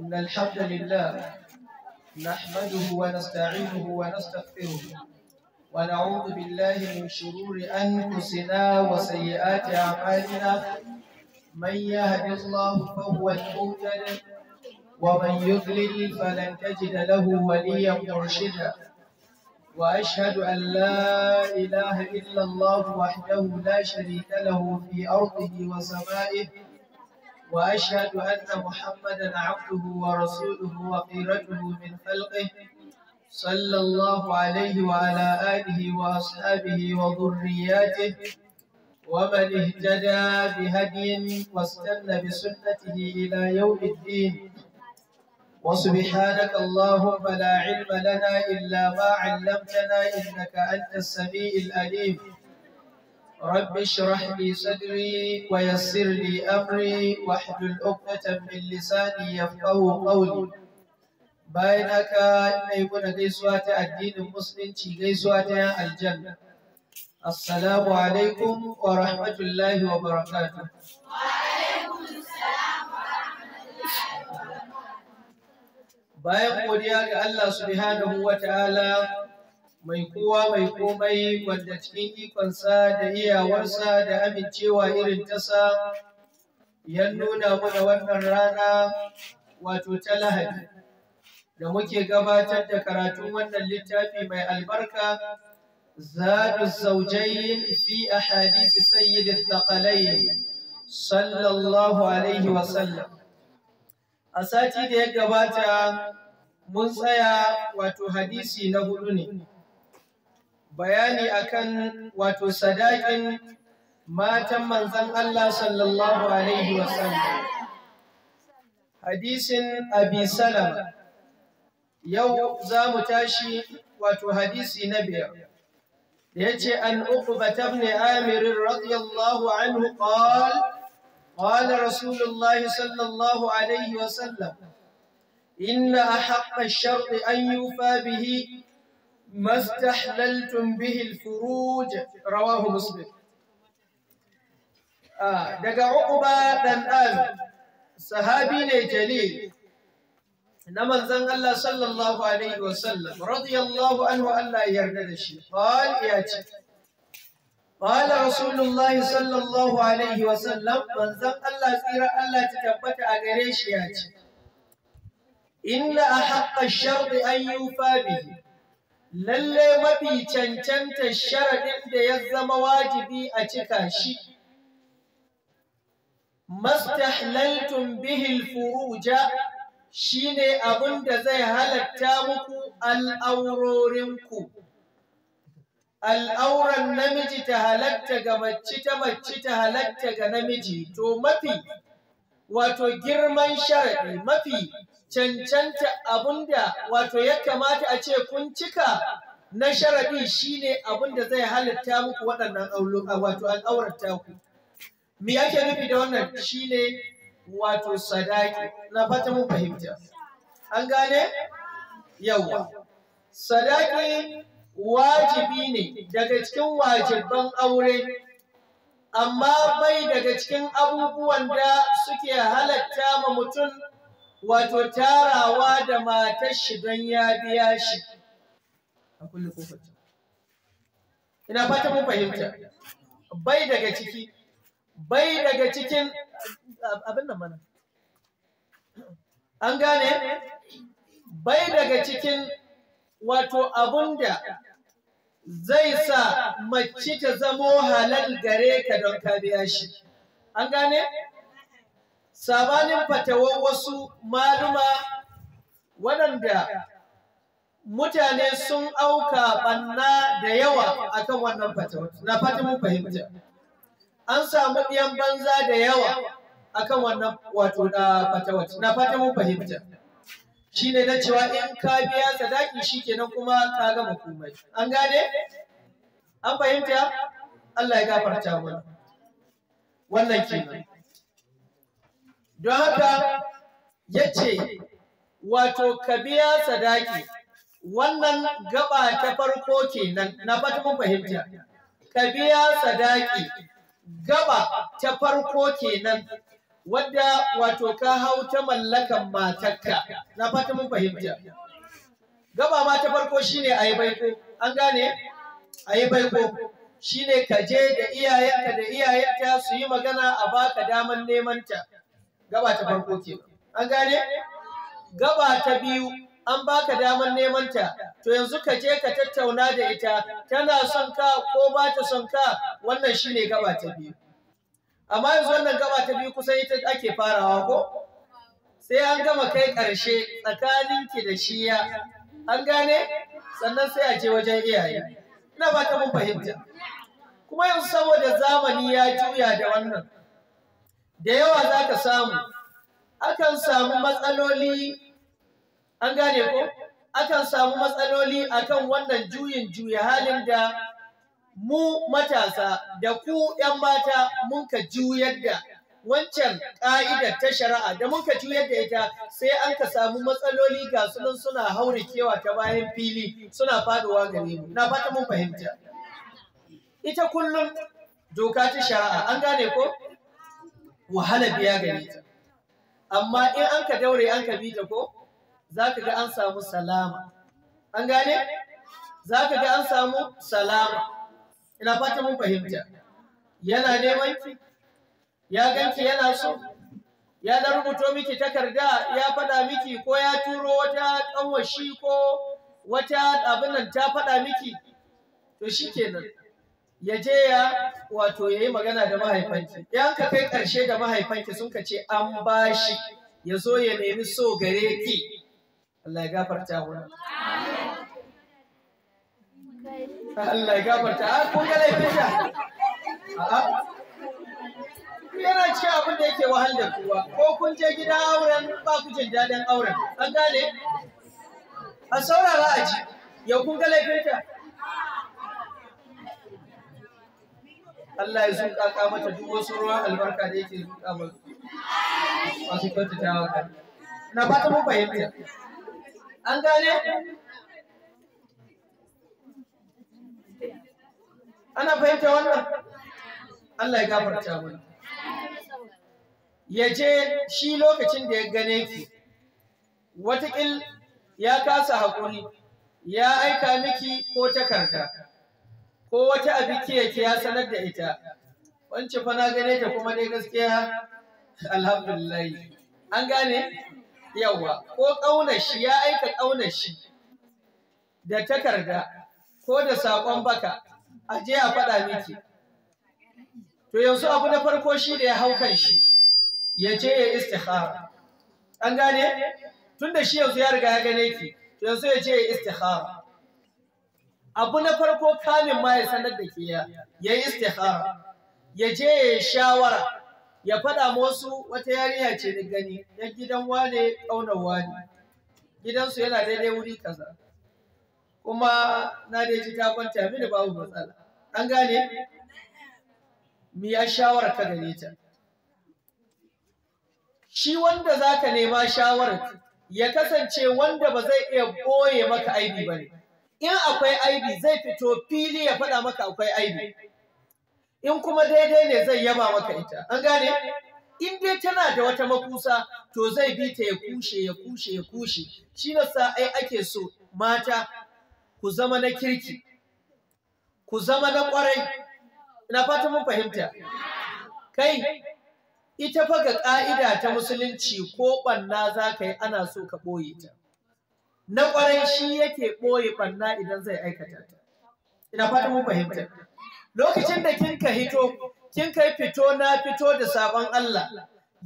إن الحمد لله نحمده ونستعينه ونستغفره ونعوذ بالله من شرور أنفسنا وسيئات أعمالنا من يهد الله فهو المهتد ومن يضلل فلن تجد له وليا مرشدا وأشهد أن لا إله إلا الله وحده لا شريك له في أرضه وسمائه وأشهد أن محمدا عبده ورسوله وخيرته من خلقه صلى الله عليه وعلى آله وأصحابه وذرياته ومن اهتدى بهدي واستنى بسنته إلى يوم الدين وسبحانك اللهم لا علم لنا إلا ما علمتنا إنك أنت السميع الأليم رب اشرح لي صدري ويسر لي أمري واحلل عقدة من لساني يفقه قولي bayan haka ina yi gaisuwa ta addinin musulunci gaisuwa ta yan aljanna assalamu wa rahmatullahi wa barakatuh bayan godiya ga Allah subhanahu wa ta'ala mai kowa mai komai wanda cikin ikonsa da iyawarsa da amincewa irin tasa ya nuna mana wannan rana wato ta lahadi da muke gabatar da karatun wannan littafi mai albarka زاد الزوجين في أحاديث سيد الثقلين صلى الله عليه وسلم a sati da ya gabata mun tsaya wato hadisi na hudu ne bayani akan wato sadakin matan manzan Allah sallallahu alaihi wasallam hadisin abi salama yau za mu tashi wato hadisi na biyar yace an uqba ibn amir radiyallahu anhu qala قال رسول الله صلى الله عليه وسلم إن أحق الشرط أن يوفى به ما استحللتم به الفروج رواه مسلم آه دقا عقبة بن آمن صحابي جليل نمن زن الله صلى الله عليه وسلم رضي الله عنه ألا يرد الشيء قال ياتي Ƙwala Rasulullahi sallallahu Alaihi wasallam manzan Allah tsira Allah ta tabbata a gare shi ya ce, Inna a haƙa sharɗi an yi bihi, mafi cancanta sharaɗin da ya zama wajibi a cika shi. Mastahlaltun bihil furuja shi ne abin da zai halatta muku al'aurorinku. al'auran namiji ta halatta ga mace ta mace ta halatta ga namiji to mafi wato girman sharaɗi mafi cancanta abunda wato ya kamata a ce kun cika na sharaɗi shine abunda zai halatta muku waɗannan wato al'aurata ku me ake nufi da wannan shine wato sadaki na fata mun fahimta an gane yawa sadaki wajibi ne daga cikin wajibban aure amma bai daga cikin abubuwan da suke halatta ma mutum wato tarawa da matar shi don ya biya shi ina fata mun fahimta bai daga ciki bai daga cikin abin nan mana an gane bai daga cikin wato abunda zai sa mace ta zamo halal gare ka don ka biya shi an gane sabanin fatawar wasu maluma waɗanda mutane sun auka banna da yawa akan wannan fatawa na fatan mun fahimta an samu ɗiyan banza da yawa akan wannan wato ah, na fatawa na fatan mun fahimta shine ne na cewa in ka biya sadaki shi kuma ka gama komai an gane an fahimta Allah ya gafarta mana wannan kenan don haka ya ce wato ka biya sadaki wannan gaba ta farko kenan na fata mun fahimta ka biya sadaki gaba ta farko kenan wadda wato ka hau ta mallakan matakka na fata mun fahimta gaba ma ta farko shine yi baiko an gane yi baiko shine ka je da iyayenka da iyayenta su yi magana a baka daman neman ta gaba ta farko ke an gane gaba ta biyu an baka daman neman ta to yanzu ka je ka tattauna da ita tana son ka ko ba ta son ka wannan shine gaba ta biyu amma yanzu wannan gaba ta biyu kusan ita ake farawa ko sai an gama kai ƙarshe tsakaninki da shi ya an gane sannan sai a je wajen iyaye ina ba ta mun fahimta kuma yanzu saboda zamani ya juya da wannan da yawa za ka samu akan samu matsaloli an gane ko akan samu matsaloli akan wannan juyin juya halin da mu matasa da ku 'yan mata mun ka juyar da wancan ƙa'idar ta shari'a da muka juyar da ita sai an ka samu matsaloli ga sunan suna haure kewa ta bayan fili suna faduwa gare mu na fata mun fahimta ita kullum doka ta shari'a an gane ko wahala biya gare ta amma in an ka daure an ka bi ta ko za ka ga an samu salama an gane za ka ga an samu salama ina fata mun fahimta yana neman ki ya ganki yana so ya dan rubuto miki takarda ya faɗa miki ko ya turo wata ƙanwashi ko wata abin nan ta faɗa miki to shikenan ya je ya wato ya yi magana da mahaifanki yan ka kai ƙarshe da mahaifanki sun ka ce an bashi ya zo ya nemi so gare ki Allah ya gafarta mana Allah ya gafarta a ah, kun laifin sha yana ce abin da yake wahal da kowa ko kun je gida auren ba ku jin daɗin auren an gane a saurara a ji yau kun ga laifin ta Allah ya zuƙaƙa mata duk wasu ruwan albarka da yake zuƙa mata masu ta kan na fata mun fahimta an gane ana fahimta wannan Allah ya gafarta mana ya je shi lokacin da ya gane ki watakil ya kasa haƙuri ya aika miki ko takarda ko wata abiki yake ya sanar da ita wance fa na gane ta kuma dai gaskiya alhamdulillah an gane yawa ko ƙaunar shi ya aika ƙaunar shi da takarda ko da saƙon baka a je a faɗa miki to yanzu abu na farko shi da ya haukan shi ya je ya istikhara an gane tunda shi yanzu ya riga ya gane ki to yanzu ya je ya istikhara abu na farko kamin ma ya sanar da ke ya ya istikhara ya je ya shawara ya faɗa musu wata yarinya ce da gani dan gidan wane ƙaunar wane gidansu yana daidai wuri kaza kuma na da ji ta kwanta mini babu matsala an gane mi ya shawara ka gane ta shi wanda za ka nema shawarar ya kasance wanda ba zai iya boye maka aibi ba ne in akwai aibi zai fito fili ya faɗa maka akwai aibi in kuma daidai ne zai yaba maka ita an gane in dai tana da wata makusa to zai bi ta ya kushe ya kushe ya kushe shi na sa ai ake so mata ku zama na kirki ku zama na ƙwarai ina fata mun fahimta kai ita fa ga ƙa'ida ta musulunci ko ɓanna za ka yi ana so ka ɓoye ta na ƙwarai shi yake ɓoye ɓanna idan zai aikata ta ina fata mun fahimta lokacin da kin ka hito kin kai fito na fito da sabon Allah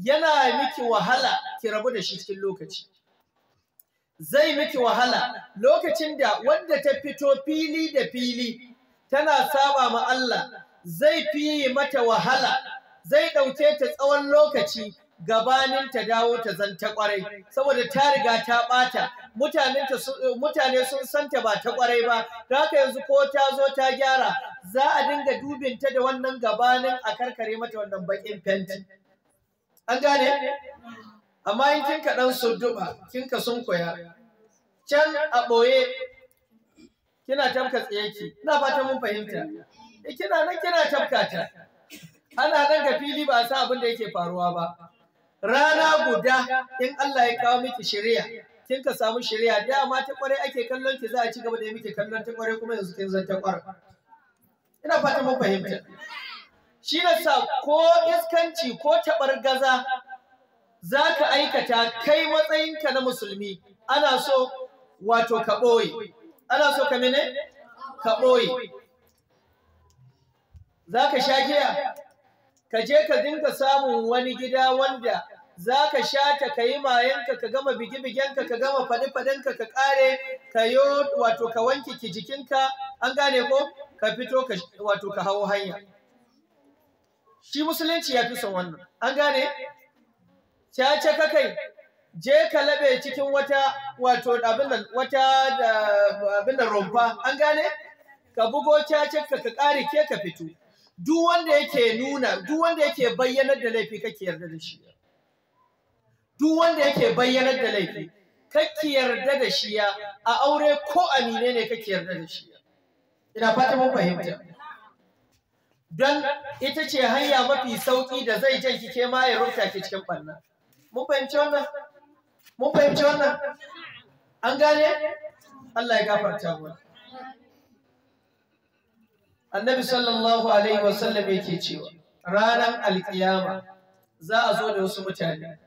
yana miki wahala ki rabu da shi cikin lokaci zai miki wahala lokacin da wanda ta fito fili da fili tana saba ma Allah zai fi mata wahala zai ɗauke ta tsawon lokaci gabanin ta dawo ta zanta kwarai saboda ta riga ta ɓata, mutane sun santa ba ta kwarai ba haka yanzu ko ta zo ta gyara za a dinga dubinta da wannan gabanin a karkare mata wannan bakin fenti an gane amma yi kin ka dan sudduba kin ka sun koya can a ɓoye kina tafka tsayaki ina fata mun fahimta e kina nan kina tafka ta ana nan ga fili ba a sa abin da yake faruwa ba rana guda in Allah ya kawo miki shari'a kin ka samu shari'a dama ta kware ake kallon ki za a ci gaba da yi miki kallon ta kware kuma yanzu kin zan ta kware ina fata mun fahimta shi na sa ko iskanci ko taɓar gaza za ka aikata kai matsayinka na musulmi ana so wato ka ɓoye ana so ka mene ka ɓoye za ka sha giya ka je ka dinka samun wani gida wanda za ka sha ta ka yi mayanka ka gama bigibigenka ka gama faɗi-faɗinka ka ƙare ka yi wato ka wanke ki jikinka an gane ko ka fito wato ka hau hanya shi musulunci ya fi son wannan an gane caca ka kai je ka laɓe cikin wata wato abin nan wata abin nan rumfa an gane ka bugo caca ka ka ƙare ke ka fito duk wanda yake nuna duk wanda yake bayyanar da laifi kake yarda da shi duk wanda yake bayyanar da laifi kake yarda da shi a aure ko amine ne kake yarda da shi ina fatan mun fahimta don ita ce hanya mafi sauki da zai jan kike ma ya rubuta ki cikin ɓanna. mun fahimci wannan mun fahimci wannan an gane Allah ya gafarta mu annabi sallallahu alaihi wa wasallam yake cewa ranar alkiyama za a zo da wasu mutane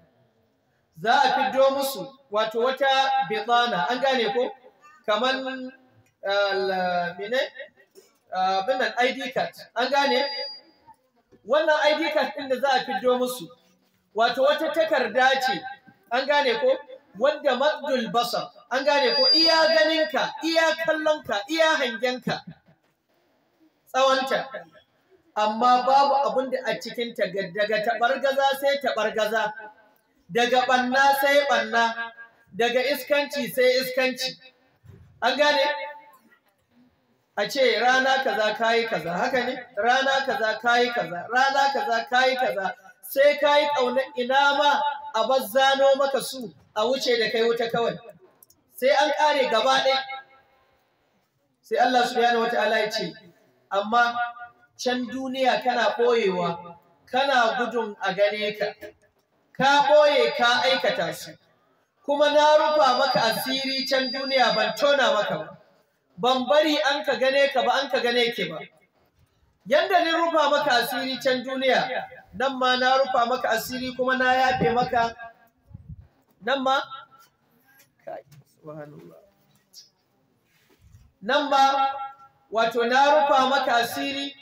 za a fiddo musu wato wata bitsana an gane ko kamar mine binan id card an gane wannan id card ɗin da za a fiddo musu wato wata takarda ce an gane ko wanda mabdul basar an gane ko iya ganinka iya kallonka iya hangenka tsawonta amma babu abin da a cikinta daga tabargaza sai tabargaza daga banna sai banna daga iskanci sai iskanci an gane a ce rana kaza kayi kaza haka ne rana kaza kayi kaza rana kaza kayi kaza sai ka yi ƙaunar ina ma a bazzano maka su a wuce da kai wuta kawai sai an ƙare gaba ɗai sai Allah yana wata ala ce amma can duniya kana ɓoyewa kana gudun a gane ka ka ɓoye ka aikata su kuma na rufa maka asiri can duniya ban tona maka ba ban bari an ka gane ka ba an ka gane ke ba yanda ni rufa maka asiri can duniya nan ma na rufa maka asiri kuma na yafe maka nan ma nan ma wato na rufa maka asiri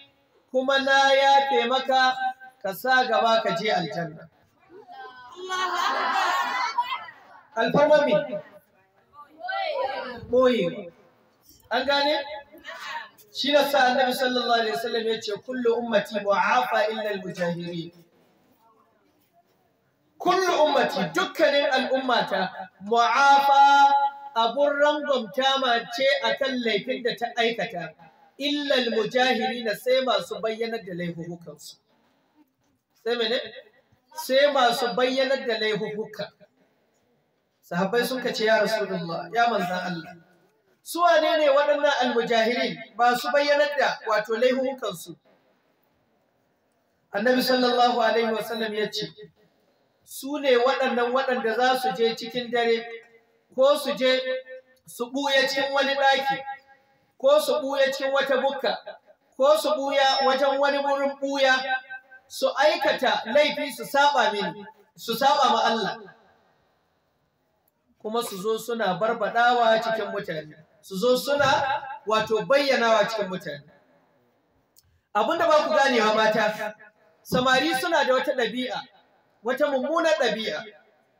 kuma na yafe maka ka sa gaba ka je aljanna alfarmami boye an gane shi na sa annabi sallallahu alaihi wasallam ya ce kullu ummati mu'afa illa al-mujahirin kullu ummati dukkanin al'ummata mu'afa abun rangwamta mace akan laifin da ta aikata illa al-mujahirin sai masu bayyanar da laifukansu sai mene sai masu bayyanar da laifuka sahabbai sun ce ya rasulullah ya manzan Allah su wane ne waɗannan almujahiri masu bayyanar da wato laihukansu annabi sallallahu alaihi wasallam ya ce su ne waɗannan waɗanda za su je cikin dare ko su je su ɓuya cikin wani ɗaki ko su ɓuya cikin wata bukka ko su ɓuya wajen wani wurin ɓuya su aikata laifi su saba mini su saba ma Allah kuma su zo suna barbaɗawa cikin mutane su zo suna wato bayyanawa cikin mutane abinda ba ku wa mata samari suna da wata ɗabi'a wata mummunar ɗabi'a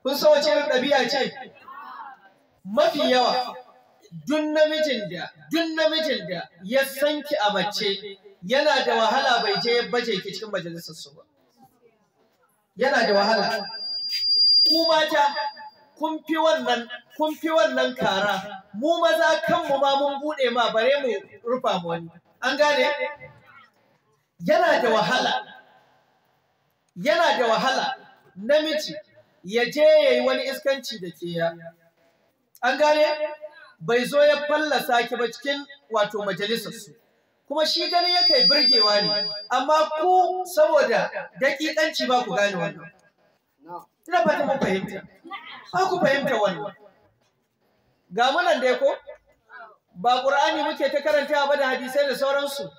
kun san wace irin ɗabi'a ce mafi yawa dun namijin da dun namijin da ya sanki a mace yana da wahala bai je ya baje ki cikin majalisar su ba yana da wahala ku mata kun fi wannan kun fi wannan kara mu maza kanmu ma mun buɗe ma bare mu rufa mu wani an gane yana da wahala yana da wahala namiji ya je ya yi wani iskanci da ke ya an gane bai zo ya fallasa ki ba cikin wato su. kuma shi gani ya kai birgewa ne amma ku saboda daƙiƙanci ba ku gane wannan ina fata mun fahimta ba ku fahimta wannan ga munan dai ko ba ƙur'ani muke ta karanta ba da hadisai da sauransu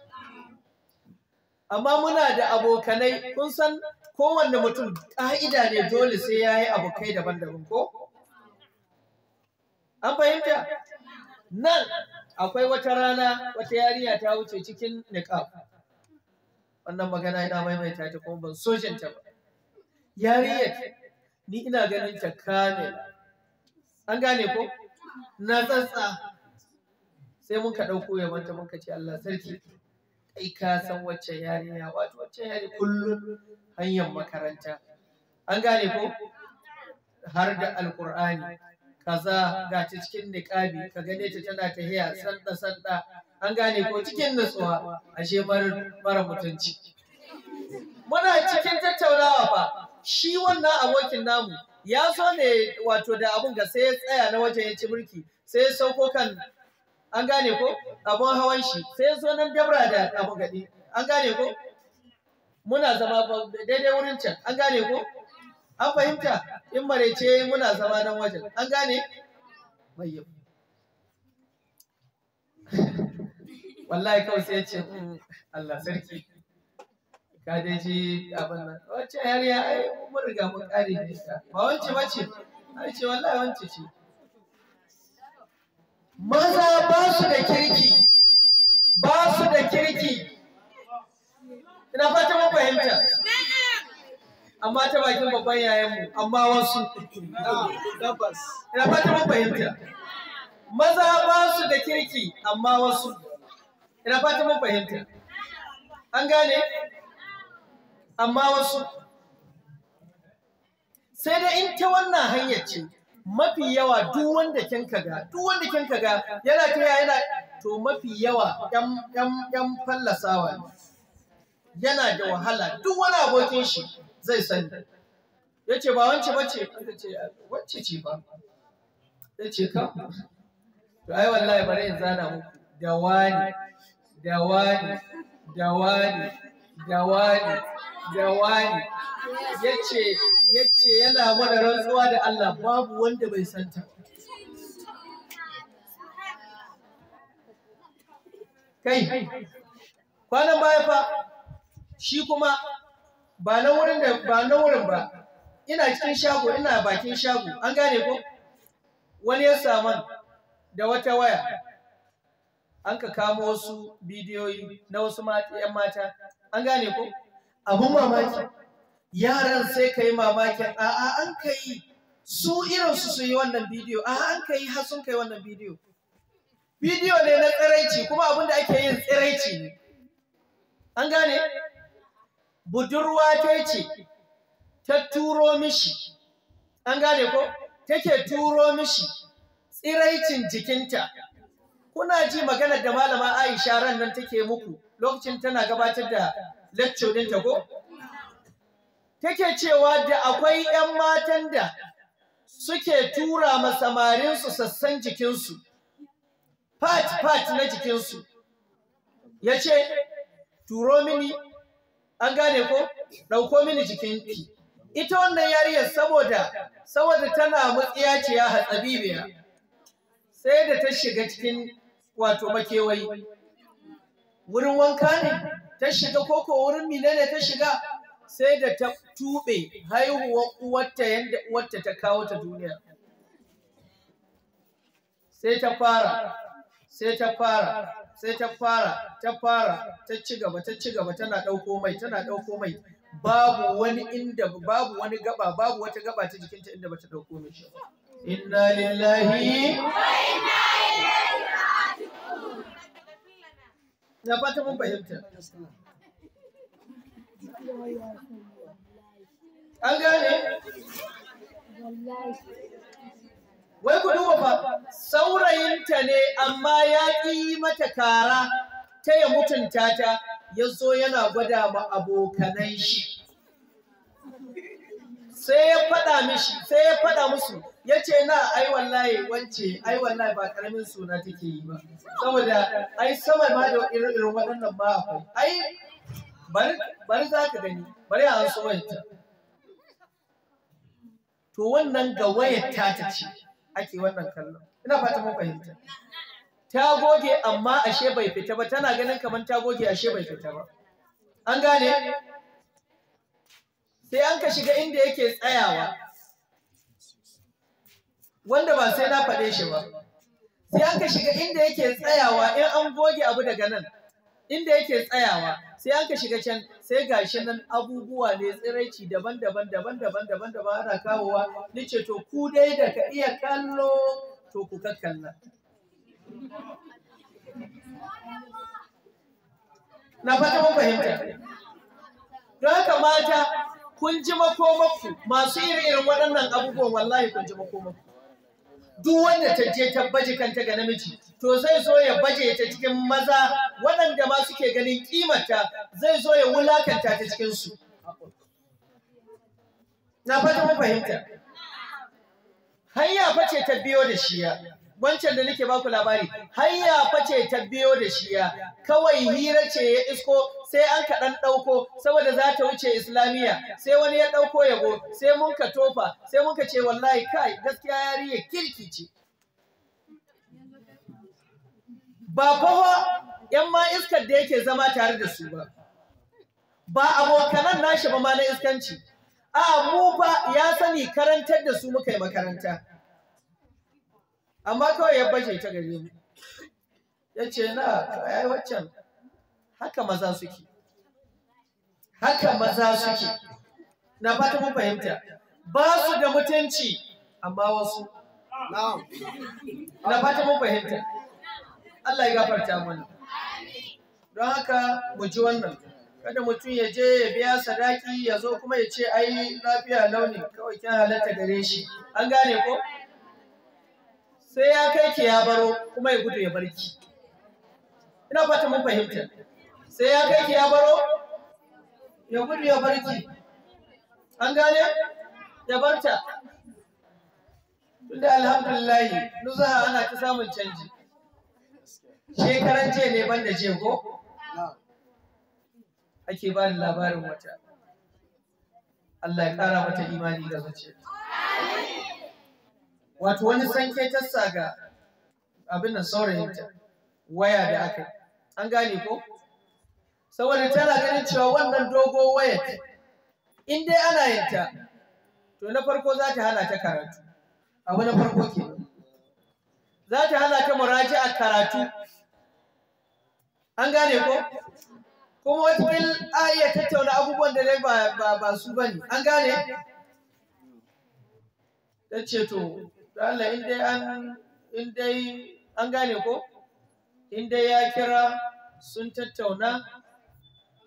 amma muna da abokanai kun san kowanne mutum ƙa'ida ne dole sai ya yi abokai daban-daban ko an fahimta nan akwai wata rana wata yarinya ta wuce cikin niqab wannan magana ina maimaita ta kuma ban so ta ba yarinya ni ina ganin ta kamila an gane ko na tsatsa sai muka ɗauko ya mata muka ce Allah sarki kai ka san wacce yarinya wato wacce yari kullum hanyar makaranta an gane ko har da alkur'ani kaza ga ta cikin niƙabi ka gane ta tana ta hiya sanda sanda an gane ko cikin nutsuwa ashe mara mutunci muna cikin tattaunawa fa shi wannan abokin namu ya so ne wato da abun ga sai ya tsaya na wajen ya ci mulki sai ya sauko kan an gane ko abun hawan shi sai ya zo nan dabra da abun gadi an gane ko muna zama daidai wurin can an gane ko an fahimta in marece muna zama nan wajen an gane bayyau wallahi kawai sai ya ce hmm, Allah sarki ka dai ji abin nan wacce yariya ai mun riga mun kare da ita ba wance ba ce ai ce wallahi wance ce maza ba su da kirki ba su da kirki ina fata mun fahimta amma ta bakin babban yayanmu amma wasu tabbas ina fata mun fahimta maza ba su da kirki amma wasu ina fata mun fahimta an gane amma wasu sai da in ta wannan hanyar ce mafi yawa duk wanda kin ga, duk wanda kin ga, yana ta yana to mafi yawa yan fallasawa ne, yana da wahala duk wani abokin shi zai sani yace ba wance bace aka ce wacce ce ba yace ka to ai wallahi bari in zana muku da wani da wani da wani da wani da wani ya ce yana mana rantsuwa da Allah babu wanda bai santa kai kwanan baya fa shi kuma ba na wurin da ba na wurin ba ina cikin shago ina bakin shago an gane ko wani ya saman da wata waya an ka kamo wasu bidiyoyi na wasu 'yan mata an gane ko abun mamaki yaran sai ka yi mamakin a'a an ka yi su irinsu su yi wannan bidiyo a'a an ka yi har sun ka yi wannan bidiyo bidiyo ne na tsiraici kuma abin da ake yin tsiraici ne an gane budurwa ta ce ta turo mishi an gane ko take turo mishi tsiraicin jikinta kuna ji maganar da malama aisha ran nan take muku lokacin tana gabatar da lecture ɗinta ko? Take cewa da akwai ‘yan matan da suke tura ma samarinsu sassan jikinsu, part-part na jikinsu. Ya ce, turo mini, an gane ko? Ɗauko mini jikin ki. Ita wannan yariyar saboda, saboda tana matsiya ce ya hatsabibiya, sai da ta shiga cikin wato makewai. Wurin wanka ne? ta shiga koko wurin menene ta shiga sai da ta tube haihuwar uwarta yadda uwarta ta kawo ta duniya sai ta fara sai ta fara sai ta fara ta fara ta ci gaba ta ci gaba tana ɗauko mai tana ɗauko mai babu wani inda babu wani gaba babu wata gaba ta jikinta inda bata ɗauko mai shi inna lillahi wa inna Na fata mun fahimta. An gane? Wai ku duba fa, saurayinta ne amma ya ƙi mata kara ta ya mutunta ta ya zo yana gwada ma abokanan shi. Sai ya faɗa mishi, sai ya faɗa musu, ya ce na ai wallahi wance ai wallahi ba karamin suna take yi ba saboda ai sama ma da irin waɗannan ba akwai ai bari za ka gani bari a hansu wayarta to wannan ga wayar ta ta ce ake wannan kallon ina fata mun fahimta ta goge amma ashe bai fita ba tana ganin kamar ta goge ashe bai fita ba an gane sai an ka shiga inda yake tsayawa wanda ba sai na faɗe shi ba sai aka shiga inda yake tsayawa in an goge abu daga nan inda yake tsayawa sai aka shiga can sai gashi nan abubuwa ne tsiraici daban-daban daban-daban daban-daban ana kawowa nace to ku dai da ka iya kallo to ku kakkalla na fata mun fahimta don haka mata kun ji makomakku masu irin irin waɗannan abubuwan wallahi kun ji makomakku duk wanda ta je ta baje kanta ga namiji to zai zo ya baje ta cikin maza waɗanda ma suke ganin kimanta zai zo ya wulakanta ta cikin su na fata mun fahimta hanya face ta biyo da shiya wancan da nake baku labari hanya face ta biyo da shiya kawai hira ce ya isko sai an kaɗan ɗauko saboda za ta wuce islamiyya sai wani ya ɗauko yabo sai mun ka tofa sai mun ka ce wallahi kai gaskiya yariya kirki ce ba fa yan ma iskar da yake zama tare da su ba ba abokanan nashi ba ma na iskanci a mu ba ya sani karantar da su muka yi makaranta amma kawai ya baje ta gare mu ya ce na ai waccan haka maza suke haka maza suke na fata mun fahimta ba su da mutunci amma wasu na fata mun fahimta Allah ya gafarta mana don haka mu ji wannan kada mutum ya je ya biya sadaki ya zo kuma ya ce ai lafiya launi kawai kin halatta gare shi an gane ko sai ya kai ki ya baro kuma ya gudu ya barki ina fata mun fahimta sai ya kai ki ya baro ya gudu ya bar ki an gane ya barta tunda alhamdulillahi nuzaha ana ta samun canji shekaran jiya ne ban da ko? ake ba da labarin wata Allah ya kara mata imani da zuciya wato wani sanke tassa ga abin da saurayinta waya da aka an gane ko saboda tana ganin cewa wannan dogo wayar in dai ana yin ta to na farko za ta hana ta karatu abu na farko ke za ta hana ta muraji a karatu an gane ko kuma wata wani a iya tattauna abubuwan da ba ba ba su bane an gane ta ce to Allah in dai an in dai an gane ko in dai ya kira sun tattauna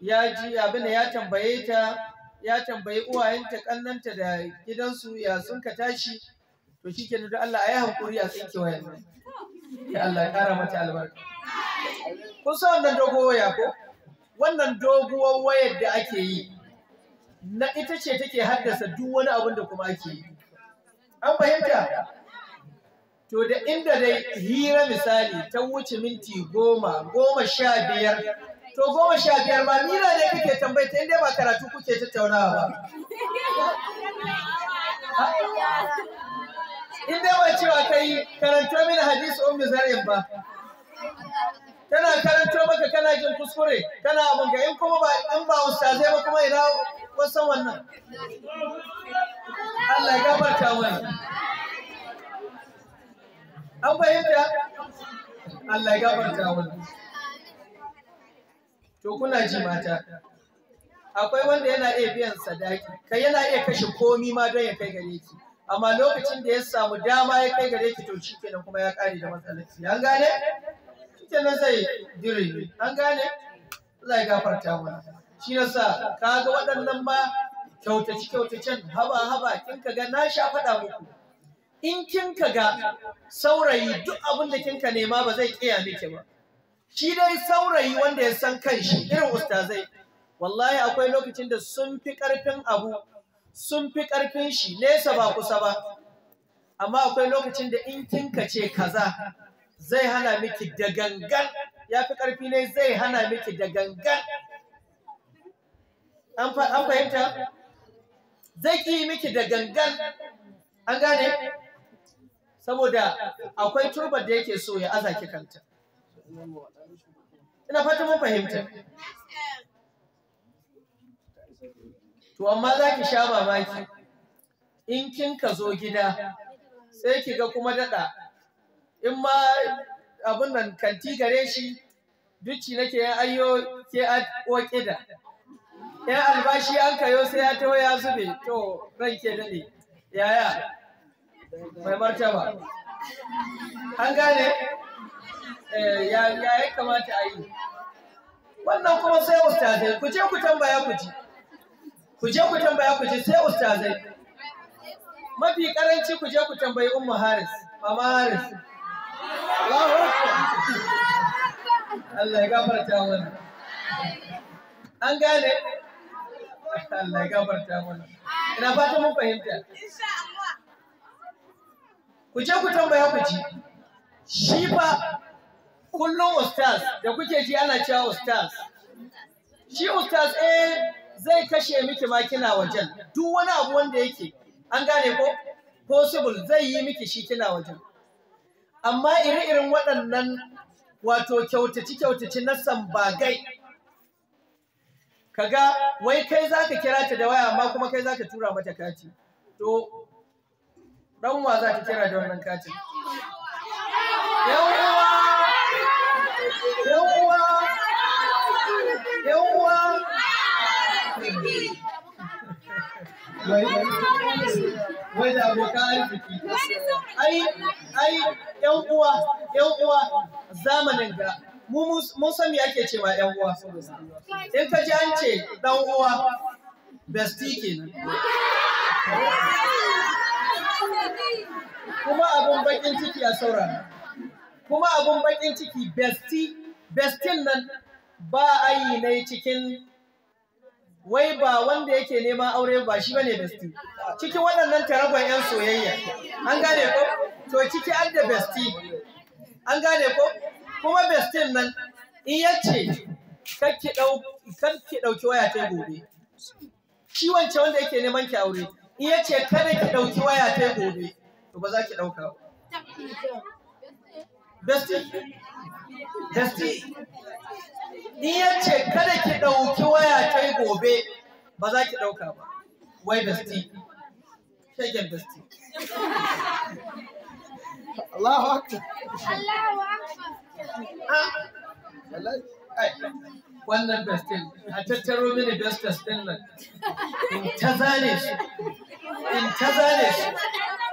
ya ji abin ya tambaye ta ya tambayi uwayenta kannanta da gidansu ya sun ka tashi to shi ke da Allah ya hankuri a tsinke wayan ya Allah ya kara mata albarka kun san wannan doguwar waya ko wannan doguwar wayar da ake yi na ita ce take haddasa duk wani abin da kuma ake yi an fahimta to da inda dai hira misali ta wuce minti goma goma sha biyar to goma sha biyar ba mira ne kake tambayi ta inda ba karatu kuke tattaunawa ba in dai ba cewa kai karanto min hadisi ummi zar'in ba tana karanto maka kana jin kuskure kana abin ga in kuma ba in ba ustazai ba kuma ina wasan wannan Allah ya gafarta wani an fahimta Allah ya gafarta wani To kuna ji mata. Akwai wanda yana iya biyan sadaki, kai yana iya kashe komi ma don ya kai gare ki. Amma lokacin da ya samu dama ya kai gare ki to shi kenan kuma ya kare da matsalarki. An gane? Shi kenan zai dire An gane? Allah ya gafarta mana. Shi yasa kaga waɗannan ma kyautaci kyautacen haba haba kin ka ga na sha faɗa muku. In kin ka ga saurayi duk abin da kin ka nema ba zai kiya miki ba. shi dai saurayi wanda ya san kanshi irin ustazai wallahi akwai lokacin da sun fi ƙarfin abu sun fi ƙarfin shi nesa ba kusa ba amma akwai lokacin da in kinka ce kaza zai hana miki da gangan ya fi ƙarfi ne zai hana miki da gangan an fahimta zai ki miki da gangan an gane saboda akwai turbar da yake so ya aza ki kanta ina fata mun fahimta to amma za ki sha mamaki in kin ka zo gida sai ki ga kuma daɗa in ma abin nan kanti gare shi duci nake ya ayyo ke a ƙoƙida ya albashi an kayo sai ya taho ya zube to ran ke daɗe yaya mai martaba an gane Eh, ya ya kamata a yi wannan kuma sai ustazai ku je ku tambaya ku ji ku je ku tambaya ku ji sai ustazai mafi karanci ku je ku tambayi ummu haris mama haris Allah ya gafarta mana an gane Allah ya gafarta mana ina fata mun fahimta ku je ku tambaya ku ji shi fa kullum ustaz da kuke ji ana cewa ustaz shi ustaz eh zai kashe miki ma kina wajen duk wani abu wanda yake an gane ko possible zai yi miki shi kina wajen amma iri-irin waɗannan wato kyautaci-kyautaci na sambagai kaga wai kai ka kira ta da waya amma kuma kai za ka tura mata kati to dan wa za ta kira da wannan katin wai da yan uwa yan uwa ga mu mun san me ake cewa yan uwa in ka ji an ce dan uwa besti kenan kuma abun bakin ciki a saurara kuma abun bakin ciki besti bestin nan ba a yi ne cikin wai ba wanda yake neman aure ba shi bane besti cikin waɗannan taragon 'yan soyayya an gane ko to ciki an da besti an gane ko kuma bestin nan in yace ki ɗauki waya ta gobe shi wance wanda yake neman ki aure in yace kada ki ɗauki waya ta gobe to ba za ki ɗauka ba Dusty, Dusty, Ni ya ce kada ki ɗauki waya kai gobe ba za ki ɗauka ba. Wai Dusty, shagen Dusty. Allahu Akbar. Allahu Akbar. Ah. Wannan Dustin, a tattaro mini ɗin nan. In ta zane shi, in ta zane shi.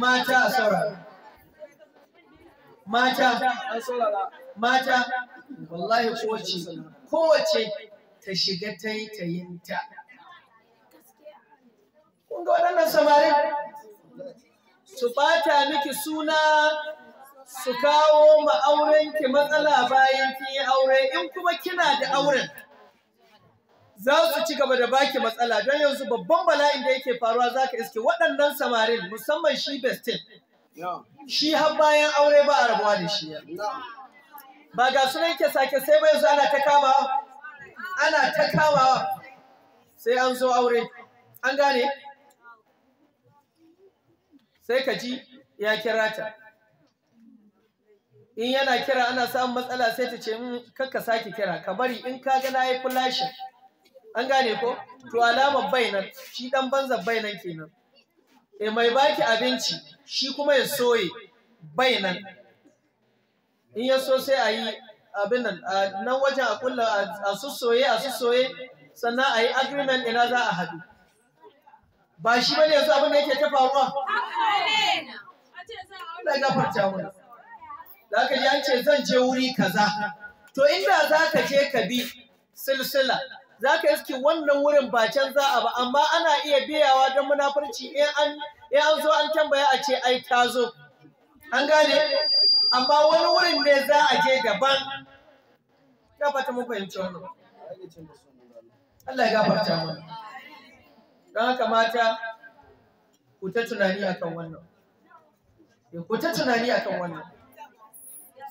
mata a saurara mata mata wallahi kowace kowace ta shiga ta? kun ga waɗannan samari su ɓata miki suna su kawo ma'aurenki matsala bayan kin yi aure in kuma kina da auren za su ci gaba da baki matsala don yanzu babban bala'in da yake faruwa za ka iske waɗannan samarin musamman shi bestin shi har bayan aure ba a rabuwa da shi ba ga sunan ke sake sai ba yanzu ana ta kamawa ana ta kamawa sai an zo aure an gane sai ka ji ya kira ta in yana kira ana samun matsala sai ta ce mm, kakka sake kira ka bari in ka ga na yi flashin an gane ko to alamar bainan shi dan banza bainan kenan e mai baki abinci shi kuma ya soye bainan in ya so sai a abin nan nan wajen a kulla a sussoye a sussoye sannan a yi agreement ina za a haɗu ba shi bane yanzu abin da yake ta faruwa da gafarta ji an ce zan je wuri kaza to inda za ka je ka bi silsila za ka iske wannan wurin ba can za a ba amma ana iya biyawa don munafurci in an an zo an tambaya a ce ai ta zo an gane amma wani wurin ne za a je daban Ya fata mu fahimci wannan Allah ya gafarta mana don haka mata ku ta tunani akan wannan eh, ku ta tunani akan wannan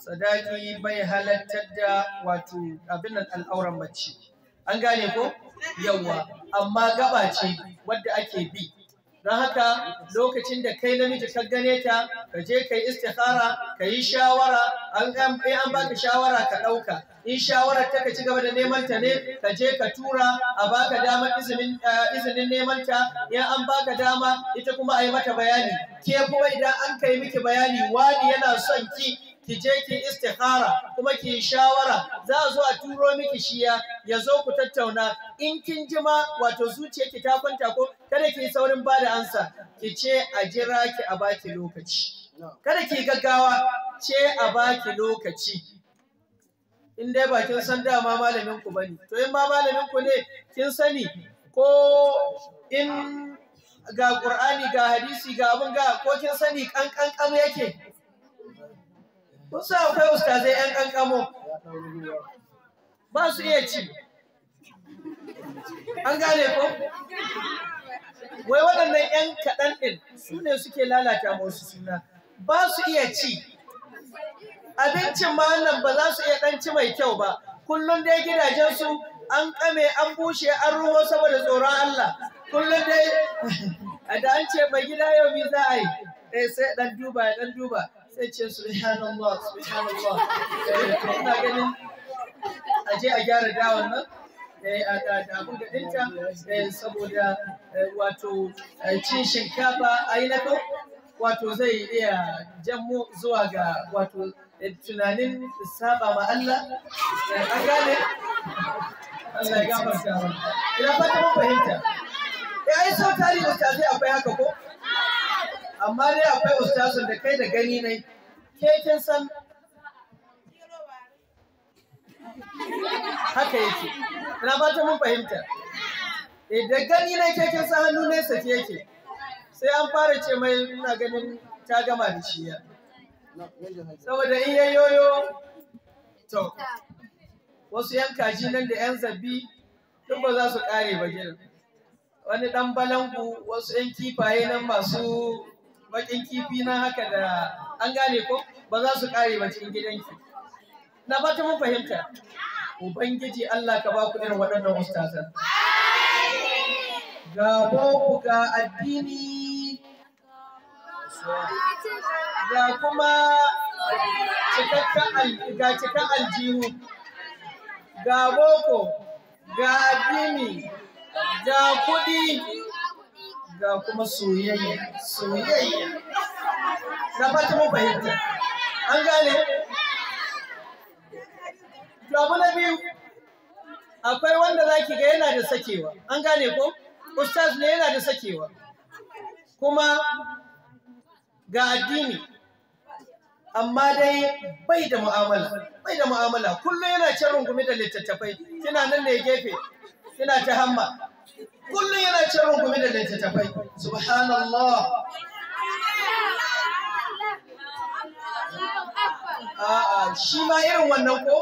sadaki bai halattar da wato abin nan al'auran mace an gane ko yawwa amma gaba ce wadda ake bi don haka lokacin da kai namiji ka gane ta ka je ka yi istikhara ka yi shawara an an baka shawara ka ɗauka in shawarar ta ka ci gaba da neman ta ne ka je ka tura a baka dama izinin eh, izinin neman ta in an baka dama ita kuma a yi mata bayani ke kuma idan an kai miki bayani wani yana son ki ki je ki istikhara kuma ki shawara za a zo a turo miki shiya ya zo ku tattauna in kin jima wato ki ta kwanta ko kada ki saurin ba da ansa ki ce a jira ki a baki lokaci kada ki gaggawa ce a baki lokaci in dai ba kin san dama malamin ku bane to in ma malamin ku ne kin sani ko in ga Qur'ani ga hadisi ga abin ga ko kin sani kan kan yake kun sa akwai ustazai yan kankamo ba su iya ci an gane ko wai waɗannan yan kaɗan ɗin su ne suke lalata wasu suna ba su iya ci abincin ma nan ba za su iya ɗan ci mai kyau ba kullum dai gidajensu an kame an bushe an ruwa saboda tsoron Allah kullum dai a da an ce mai gida yau bi za a yi eh, sai ɗan duba ya ɗan duba sai ce subhanallah subhanallah ina ganin aje a gyara dawon nan da abin da ɗinta saboda wato cin shinkafa a yi nako wato zai iya jammo zuwa ga wato tunanin saba ma Allah an gane Allah ya gafarta ina fata mun fahimta eh ai sau tari mutane akwai haka ko amma dai akwai ustazu da kai da gani ne ke kin san haka yake ina ba ta mun fahimta eh, da gani ne ke kin san hannu ne ke yake sai an fara ce mai ina ganin ta gama da shi ya saboda in ya yoyo to wasu yan kaji nan da yan zabi duk ba za su kare ba gidan wani dan balangu wasu yan kifaye nan masu bakin kifi na haka da an gane ko ba za su kare ba cikin gidanki na fata mun fahimta ubangiji Allah ka ba ku irin waɗannan ustazan ga boko ga addini ga kuma cikakken aljihu ga boko ga addini ga kuɗi ga kuma soyayya soyayya na fata mun fahimta an gane to abu na biyu akwai wanda zaki ga yana da sakewa an gane ko ustaz ne yana da sakewa kuma ga addini amma dai bai da mu'amala bai da mu'amala kullum yana can rungumi da littattafai kina nan ne gefe kina ta hamma kullum yana cewa min gumi da littattafai subhanallah a'a shi ma irin wannan ko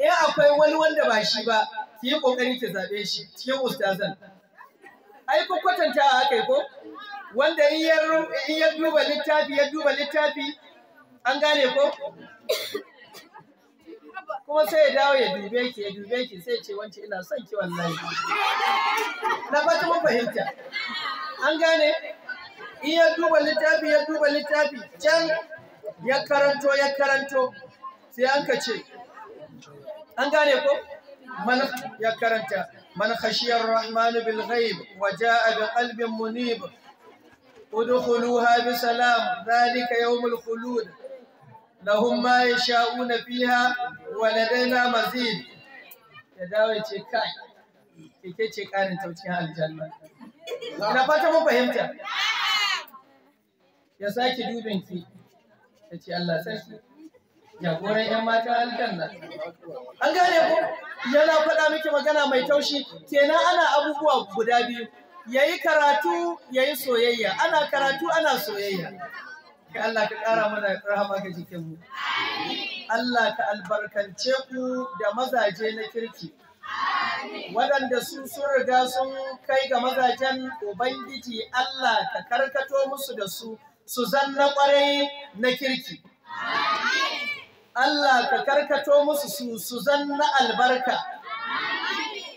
in eh, akwai wani wanda ba shi ba ki yi kokari ki zabe shi cikin ustazan ai ko kwatanta a kai ko wanda in ya duba littafi ya duba littafi an gane ko kuma sai ya dawo ya dube ki ya dube ki sai ce wance ina son ki wallahi na fata mun fahimta an gane in ya duba littafi ya duba littafi can ya karanto ya karanto sai an ka ce an gane ko man ya karanta man khashiyar rahmanu bil ghaib wa jaa bi qalbin munib udkhuluha bi salam dhalika yawmul khulud lahum ma yasha'una fiha wa ladaina mazid ya dawo ce kai kike ce karin taucin aljanna ina fata mun fahimta ya saki dubin ki ya ce Allah sarki jagoran yan mata aljanna an gane ko yana faɗa miki magana mai taushi kenan ana abubuwa guda biyu yayi karatu yayi soyayya ana karatu ana soyayya Ka Allah ka ƙara mana rahama ga jikinmu. Allah ka albarkance ku da mazaje na kirki. Waɗanda su sun riga sun kai ga mazajen Ubangiji Allah ka karkato musu da su su zanna ƙwarai na kirki. Allah ka karkato musu su su zanna albarka,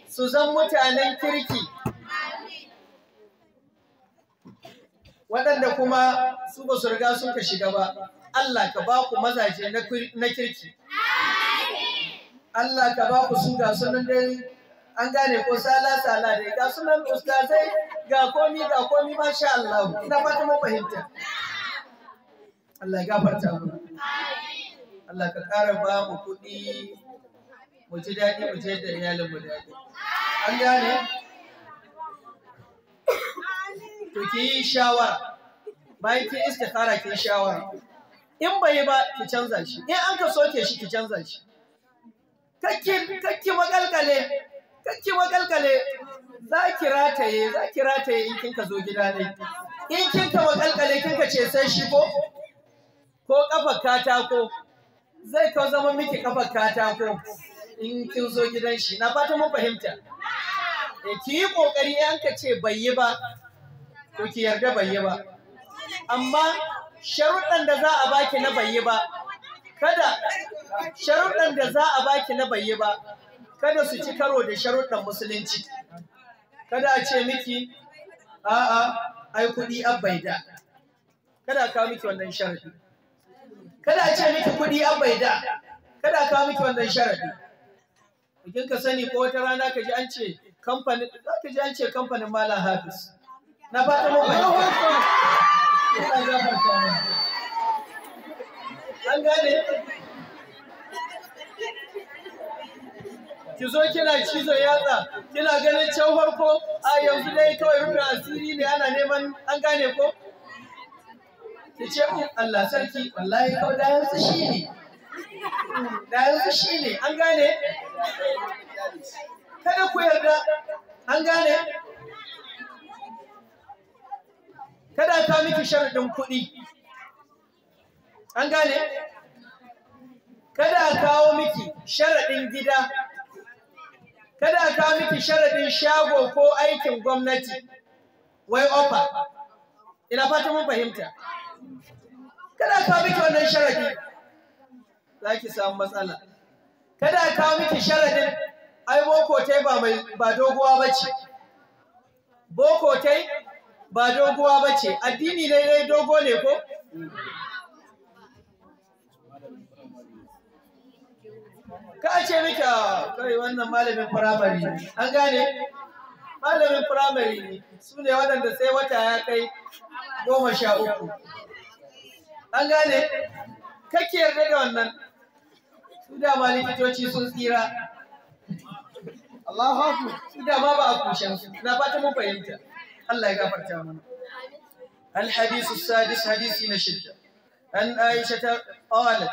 su zan mutanen kirki. waɗanda kuma su ba su riga suka shiga ba Allah ka ba ku mazaje na kirki Allah ka ba ku su ga sunan dai an gane ko sala sala dai ga sunan ustazai ga komi ga komi masha Allah ina fata mu fahimta Allah ya gafarta mu Allah ka ƙara ba mu kuɗi mu ji daɗi mu je da iyalin mu daɗi an gane to ki yi shawara bayan ki istikhara ki yi shawara in bai ba ki canza shi in an ka soke shi ki canza shi kakki kakki makalkale kakki makalkale za ki rataye za ki rataye in kinka zo gida ne in kinka kin kinka ce sai shi ko ko kafar katako zai ka zama miki kafar katako in kin zo gidan shi na fata mun fahimta eh, ki yi kokari an ka ce bai yi ba to ki yarda bai yi ba amma sharuɗan da za a baki na bai yi ba kada sharuɗan da za a baki na bai yi ba kada su ci karo da sharuɗan musulunci kada a ce miki a'a ai kuɗi an bai da kada a kawo miki wannan sharadi kada a ce miki kuɗi an bai da kada a kawo miki wannan sharadi bikin ka sani ko wata rana ka ji an ce kamfanin za ka ji an ce kamfanin malam hafiz na fata mu an gane ki zo kina cizon yatsa kina ganin can farko a yanzu dai kawai rufe asiri ne ana neman an gane ko ki ce Allah sarki wallahi kawai da yanzu shi ne da yanzu shi ne an gane kada ku yarda an gane kada ta miki sharaɗin kuɗi an gane kada ka kawo miki sharaɗin gida kada ka kawo miki sharaɗin shago ko aikin gwamnati wai ofa ina fata mun fahimta kada ka kawo miki wannan sharaɗi za ki samu matsala kada ka kawo miki sharaɗin ai boko tai ba doguwa ba ce boko tai ba doguwa ba ce addini dai dogo ne ko ka ce mika kai wannan malamin firamare an gane malamin firamare ne su ne waɗanda sai wata ya kai goma sha uku an gane kake yarda da wannan su dama likitoci sun tsira Allahu Akbar su dama ba a kushen su na fata mun fahimta Allah ya gafarta mana الحديث السادس حديث نشدة أن عائشة قالت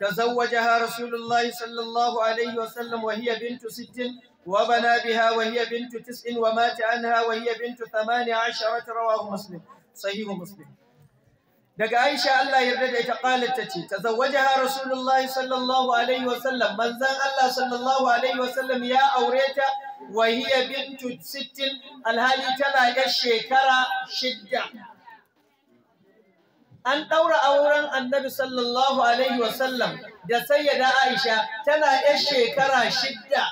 تزوجها رسول الله صلى الله عليه وسلم وهي بنت ست وبنى بها وهي بنت تسع ومات عنها وهي بنت ثمان عشرة رواه مسلم صحيح مسلم daga Aisha Allah yarda da ita qalat tace tazawwajaha Rasulullahi sallallahu alaihi wasallam manzan Allah sallallahu alaihi wasallam ya aureta wa bintu sittin alhali tana ga shekara shidda an ɗaura auren annabi sallallahu alaihi wasallam da sayyada aisha tana ya shekara shidda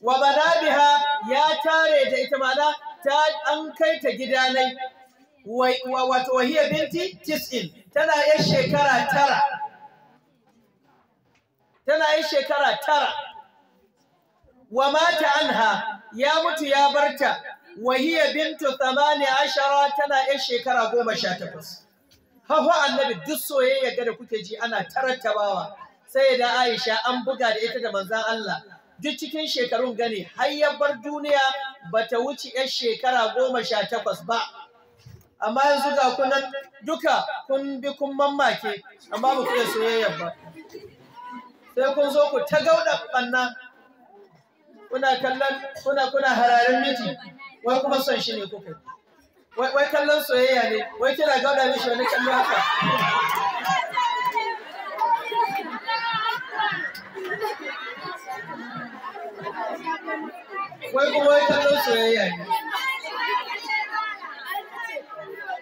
wa ya tare da ita mana ta an kai ta gida nai wato wahiya binti tis'in tana tana ya shekara tara wa mata anha ya mutu ya barta wa hiya bintu 18 tana yar shekara goma sha 18 hawa annabi duk soyayya ga da kuke ji ana tarattabawa sai da Aisha an buga da ita da manzan Allah duk cikin shekarun gani har ya bar duniya bata wuce yar shekara 18 ba amma yanzu ga kunan duka kun bi kun mamake amma ba ku da soyayya ba sai kun zo ku ta gauda bannan kuna kallon kuna kuna hararin miji wai kuma son shi ne kuka wai wai kallon soyayya ne wai kina gauda mishi wani kallon haka wai kuma wai kallon soyayya ne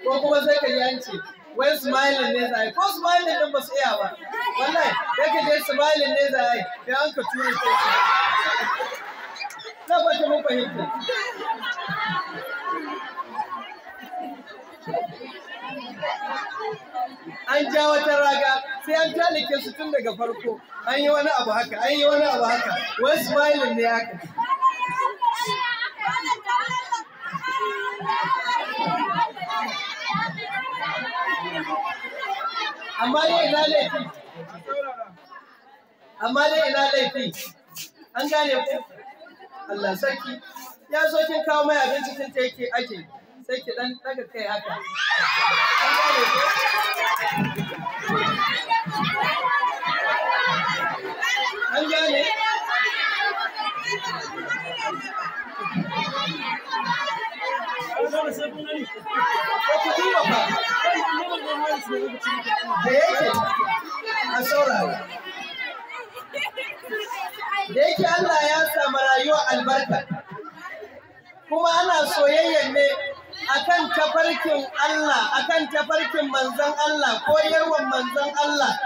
ko kuma sai ka yanci wai smiling ne za ko smiling din ba su iya ba wallahi yake je smiling ne za a yi da an ka tura sai an ja wata raga sai an talike su tun daga farko an yi wani abu haka an yi wani abu haka wani smiling ne haka amma dai ina laifi amma dai ina laifi an gane ku Allah sarki ya so kin kawo mai abinci kin ta yake ake sai ki dan daga kai haka an gane Da yake a saurara. da yake Allah ya samu rayuwa albarka kuma ana soyayya ne akan tafarkin Allah akan tafarkin manzon Allah ko koyarwar manzon Allah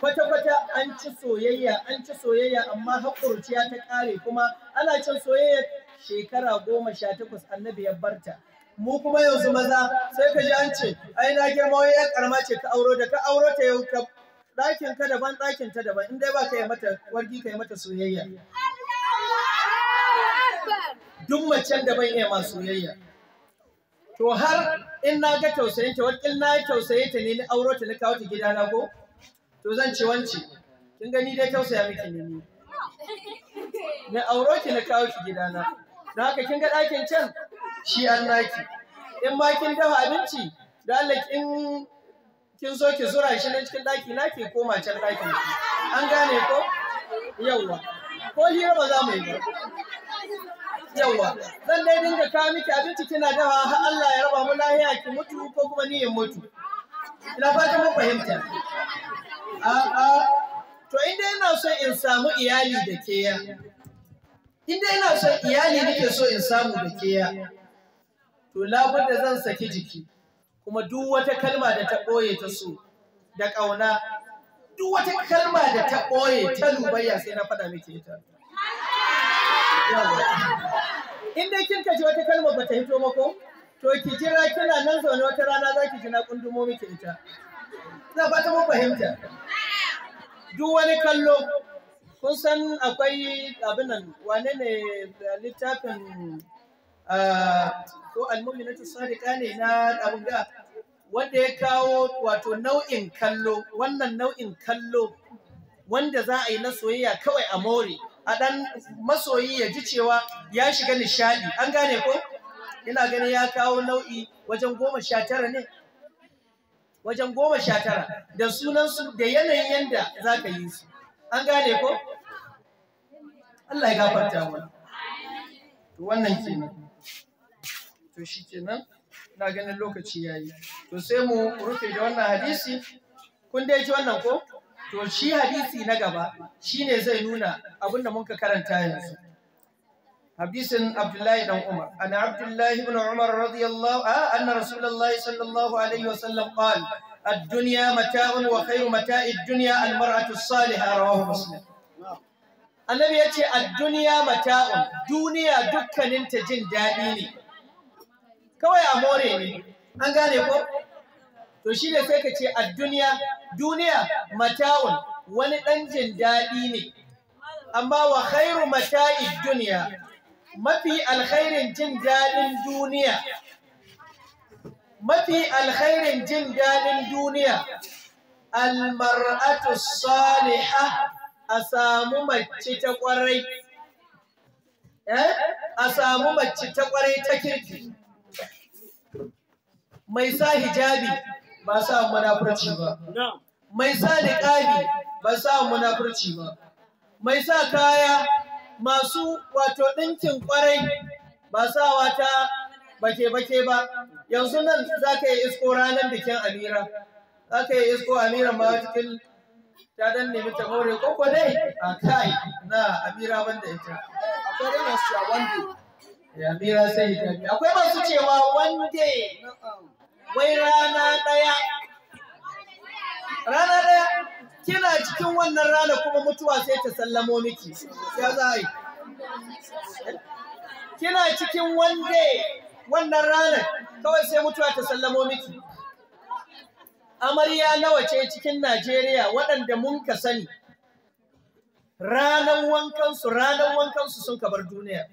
kwata-kwata an ci soyayya an ci soyayya amma haƙurciya ta ƙare kuma ana cin soyayya shekara goma sha takwas annabi ya barta mu kuma yanzu maza sai ka ji an ce ai na girma wai ya karma ce ka auro da ka auro ta yau ɗakin ka daban ɗakin ta daban in dai ba ka yi mata wargi ka yi mata soyayya duk macen da ban yi ma soyayya to har in na ga tausayin ta in na tausayin ta ne ni auro ta na kawo ta gidana ko to zan ci wance kin gani dai tausaya miki ne ni Ni auro ki na kawo ki gidana don haka kin ga ɗakin can shi an naki in ma kin dafa abinci da Allah in kin so ki zura shi na cikin ɗaki na ke koma can ɗakin an gane ko yawwa ko hira ba za mu yi ba yawwa zan dai dinga kawo miki abinci kina dawa har Allah ya raba mu lahiya ki mutu ko kuma ni in mutu ina fata mun fahimta a'a to in dai ina so in samu iyali da ke ya in dai ina so iyali nake so in samu da ke ya to labudda zan saki jiki kuma duk wata kalma da ta ɓoye ta su da ƙauna duk wata kalma da ta ɓoye ta lubayya sai na faɗa miki ita in dai kin kaji wata kalma ba ta hito mako to ki jira kina nan zaune wata rana za ki ji na kundumo miki ita Za ba ta mu fahimta duk wani kallo kun san akwai abin nan wane ne eh, littafin ko almu'minatu sadiqa ne na abun wanda ya kawo wato nau'in kallo wannan nau'in kallo wanda za a yi na soyayya kawai a more a dan masoyi ya ji cewa ya shiga nishadi an gane ko ina ganin ya kawo nau'i wajen goma sha tara ne wajen goma sha tara da sunansu da yanayin yanda za ka yi su an gane ko Allah ya gafarta mana wannan kenan to shi kenan ina ganin lokaci ya yi to sai mu rufe da wannan hadisi kun dai ji wannan ko to shi hadisi na gaba shine zai nuna abin da muka karanta yanzu hadisin abdullahi dan umar ana abdullahi ibn umar radiyallahu a anna rasulullahi sallallahu alaihi wasallam qala الدنيا متاع وخير متاع الدنيا المرأة الصالحة رواه مسلم annabi ya ce a duniya mata'un duniya dukkaninta jin daɗi ne kawai a more ne an gane ko to shi ne sai ka ce a duniya duniya mata'un wani ɗan jin daɗi ne amma wa khairu mata'i duniya mafi alkhairin jin daɗin duniya mafi alkhairin jin daɗin duniya almar'atu saliha a samu mace ta kwarai eh? a samu mace ta kwarai ta kirki mai sa hijabi ba sa munafurci ba mai sa liƙabi ba sa munafurci ba mai sa kaya masu wato ɗinkin kwarai ba sa wata bake-bake ba yanzu nan za ka yi isko ranar bikin amira za ka yi isko amira ma cikin ta dan nemi ta more koko dai a kai na amira banda ita akwai dai masu cewa wande amira sai hijabi akwai masu cewa wande wai rana ɗaya rana ɗaya kina cikin wannan rana kuma mutuwa sai ta sallamo miki ya za yi kina cikin wanda wannan rana kawai sai mutuwa ta sallamo miki amarya nawa ce cikin najeriya waɗanda mun ka sani ranar wankansu ranar wankansu sun ka bar duniya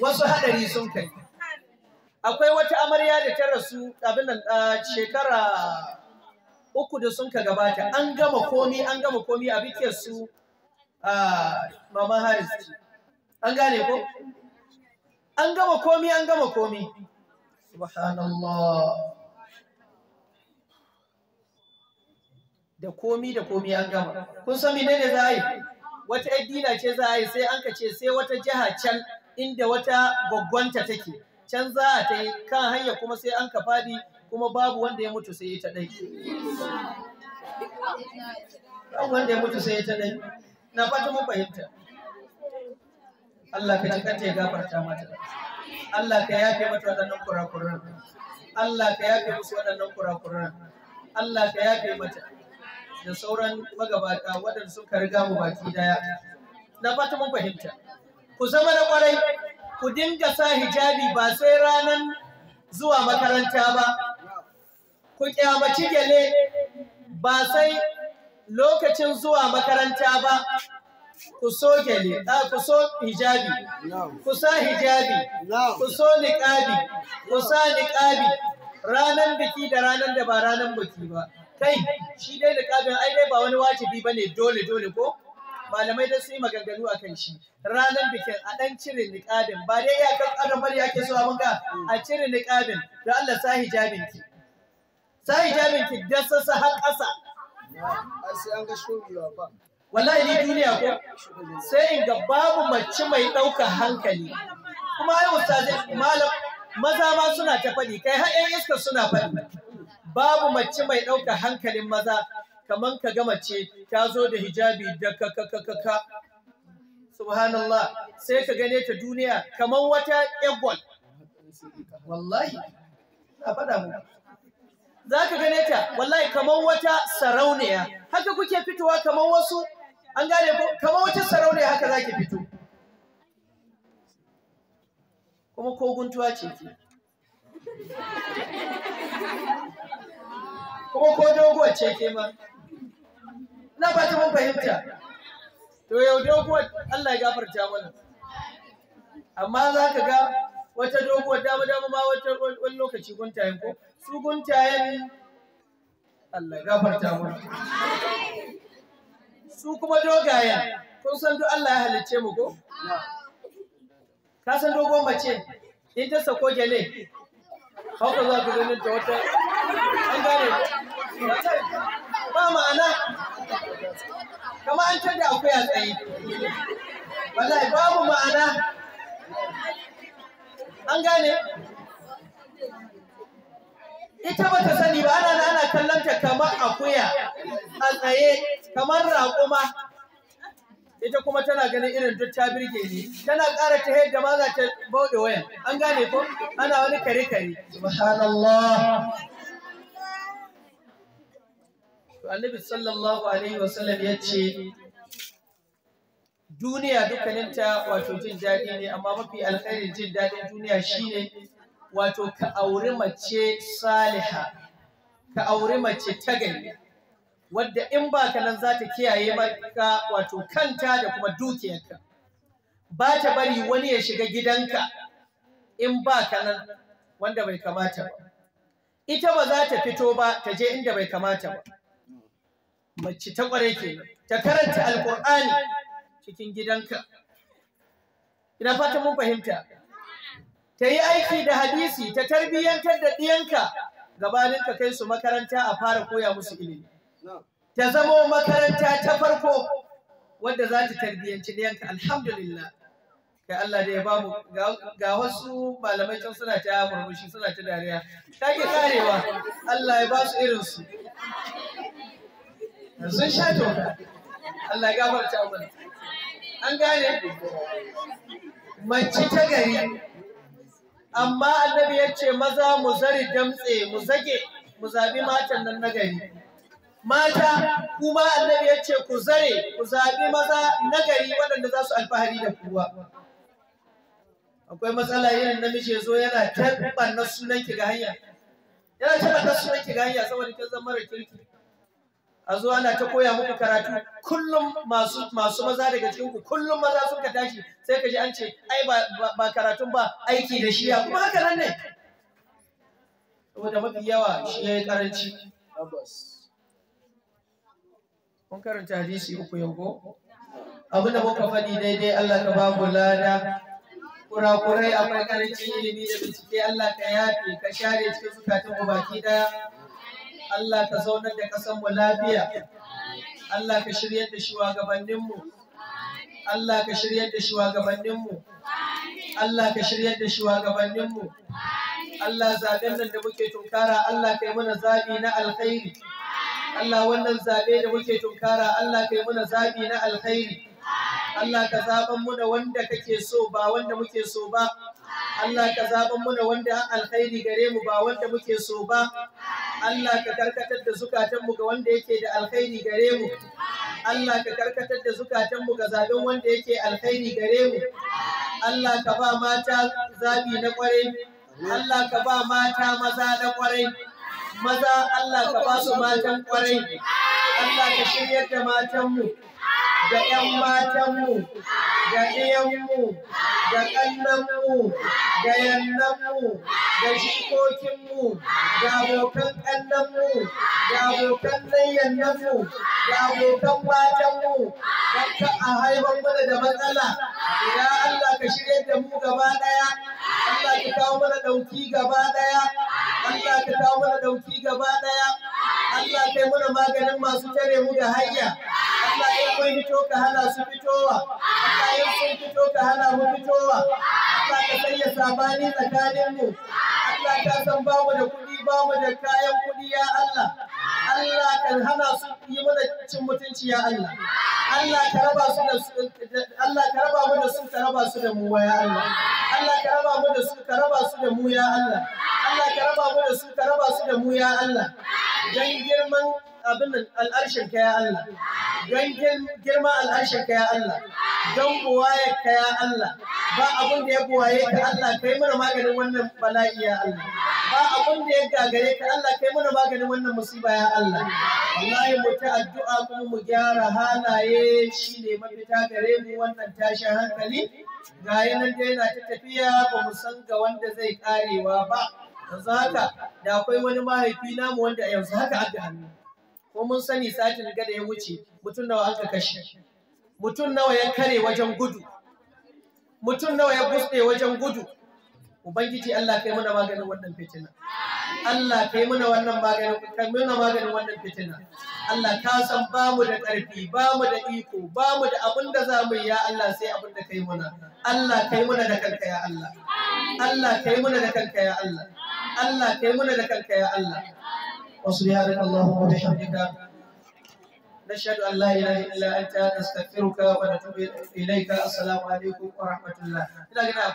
wasu haɗari sun kai akwai wata amarya da ta rasu abin nan shekara uku da sun ka gabata an gama komi an gama komi a bikin su mama haris an gane ko an gama komi an gama komi subhanallah da komi da komi an gama kun san menene za a yi wata addina ce za a yi sai an ka ce sai wata jiha can inda wata gwaggwanta take can za a ta yi kan hanya kuma sai an ka faɗi kuma babu wanda ya mutu sai ta ɗai babu wanda ya mutu sai ta ɗai na fata mu fahimta Allah ka cikanta ya gafarta mata Allah ka yafe mata waɗannan kurakuran Allah ka yafe musu waɗannan kurakuran Allah ka yafe mata da sauran magabata waɗanda suka riga mu baki daya na fata mun fahimta ku zama na ƙwarai ku dinga sa hijabi ba sai ranan zuwa makaranta ba ku kyamaci gele ba sai lokacin zuwa makaranta ba ku so gele ku so hijabi ku sa hijabi ku so niqabi ku sa niqabi ranan biki da ranan da ba ranan biki ba kai shi dai niqabin ai dai ba wani wajibi ne dole dole ko malamai da su yi maganganu a kan shi ranar bikin a ɗan cire niƙabin ba dai ya kan ƙarin bari ya ke so abin ka a cire niƙabin don Allah sa hijabin ki sa hijabin ki da sassa har ƙasa wallahi ni duniya ko sai in ga babu mace mai ɗaukar hankali kuma ai ustazai malam maza ma suna ta faɗi kai har ƴan iska suna faɗi babu mace mai ɗaukar hankalin maza kaman ka gama ce ta zo da hijabi da ka ka ka ka ka subhanallah sai ka gane ta duniya kaman wata egwal wallahi na faɗa mu za ka gane ta wallahi kaman wata sarauniya haka kuke fitowa kaman wasu an gane ko kaman wata sarauniya haka za ki fito kuma ko guntuwa ce ke kuma ko dogo ce ke ma na ba ta mun fahimta to yau doguwar Allah ya gafarta mana amma za ka ga wata doguwar dama dama ma wata wani lokaci guntayen ko su guntayen Allah ya gafarta mana su kuma dogayen kun san duk Allah ya halicce mu ko ka san dogon mace in ta sako gele hauka za ka ganin ta wata an gane ba ma'ana kama an akwai akuya tsaye wallahi babu ma'ana an gane ita ba ta sani ba ana ana kallon ta kamar akuya a tsaye kamar raƙuma ita kuma tana ganin irin duk ta birge ne tana ƙara ta yadda ma za ta bauɗe wayan an gane ko ana wani kare kare subhanallah annabi sallallahu alaihi wasallam ya ce duniya dukkaninta wato jin daɗi ne amma mafi alkhairin jin daɗin duniya shine wato ka auri mace saliha ka auri mace ta gani wadda in ba ka nan za ta kiyaye maka wato kanta da kuma dukiyarka ba ta bari wani ya shiga gidanka in ba ka nan wanda bai kamata ba ita ba za ta fito ba ta je inda bai kamata ba mace ta kware ke ta karanta alqur'ani cikin gidanka ina fatan mun fahimta ta yi aiki da hadisi ta tarbiyyantar da ɗiyanka gabanin ka kai su makaranta a fara koya musu ilimi ta zama makaranta ta farko wadda za ta tarbiyyanci ɗiyanka alhamdulillah kai Allah da ya ba mu ga wasu malamai can suna ta murmushi suna ta dariya ta ke karewa Allah ya ba su irinsu sun sha toka Allah ya gafarta mana an gane mace ta gari amma annabi ya ce maza mu zari damtse mu zage mu zabi matan nan na gari mata kuma annabi ya ce ku zare ku zabi maza na gari waɗanda za su alfahari da kuwa. akwai matsala irin namiji ya zo yana na sunan ki ga hanya yana tabbanna sunan ki ga hanya saboda kin zama mara kirki a zo ana ta koya muku karatu kullum masu masu maza daga cikin ku kullum maza sun ka tashi sai ka ji an ce ai ba ba karatun ba aiki da shiya kuma haka nan ne saboda mafi yawa shi yayi karanci tabbas kun karanta hadisi uku yau ko abin muka faɗi daidai Allah ka ba mu lada kurakurai akwai karancin ilimi da bincike Allah ka yafe ka share cikin zukatan ku baki daya Allah ka zaunar da kasanmu lafiya Allah ka shiryar da shugabanninmu Allah ka shiryar da shugabanninmu Allah ka shiryar da shugabanninmu Allah zaben nan da muke tunkara Allah kai mana zabi na alkhairi Allah wannan zabe da muke tunkara Allah kai mana zabi na alkhairi Allah ka zaban mu da wanda kake so ba wanda muke so ba Allah ka zaban mu da wanda alkhairi gare mu ba wanda muke so ba Allah ka karkatar da zukatan mu ga wanda yake da alkhairi gare mu Allah ka karkatar da zukatan mu ga zaben wanda yake alkhairi gare mu Allah ka ba mata zabi na ƙwarai. Allah ka ba mata maza na ƙwarai. maza Allah ka ba su matan ƙwarai. Allah ka shiryar da matanmu da 'yan matanmu da ɗiyanmu da ƙannanmu da yannanmu da jikokinmu da abokan ƙannanmu da abokan zayyannanmu da abokan matanmu don ka a haifar mana da matsala ya Allah ka shirya da mu gaba ɗaya Allah ka kawo mana ɗauki gaba ɗaya Allah ka kawo mana ɗauki gaba ɗaya Allah ka yi mana maganin masu tare mu da hanya Allah ya kai fito ka hana su fitowa Allah ya sun fito ka hana mu fitowa Allah ka sanya sabani tsakanin mu Allah ka san babu da kuɗi babu da kayan kuɗi ya Allah Allah ka hana su yi mana cin mutunci ya Allah Allah ka raba su da su Allah ka raba mu da su ka raba su da mu ya Allah Allah ka raba mu da su ka raba su da mu ya Allah Allah ka raba mu da su ka raba su da mu ya Allah dan girman abin al'arshin ka ya Allah don girma al'arshin ka ya Allah don buwaye ka ya Allah ba abin da ya buwaye ka Allah kai mana maganin wannan bala'i ya Allah ba abin da ya gagare ka Allah kai mana maganin wannan musiba ya Allah wallahi mu ta addu'a kuma mu gyara halaye shine mafita gare mu wannan tashin hankali ga yanar da yana ta tafiya ba mu san ga wanda zai karewa ba yanzu haka da akwai wani mahaifi namu wanda yanzu haka aka hannu ko mun sani satin gada ya wuce mutum nawa aka kashe mutum nawa ya kare wajen gudu mutum nawa ya gusɗe wajen gudu ubangiji Allah kai muna maganin wannan fitina Allah kai muna wannan maganin kai muna maganin wannan fitina Allah ka san ba mu da ƙarfi ba mu da iko ba mu da abin da za mu ya Allah sai abin da kai muna Allah kai muna da kanka ya Allah Allah kai muna da kanka ya Allah Allah kai muna da kanka ya Allah وسبحانك اللهم وبحمدك نشهد أن لا إله إلا أنت نستغفرك ونتوب إليك السلام عليكم ورحمة الله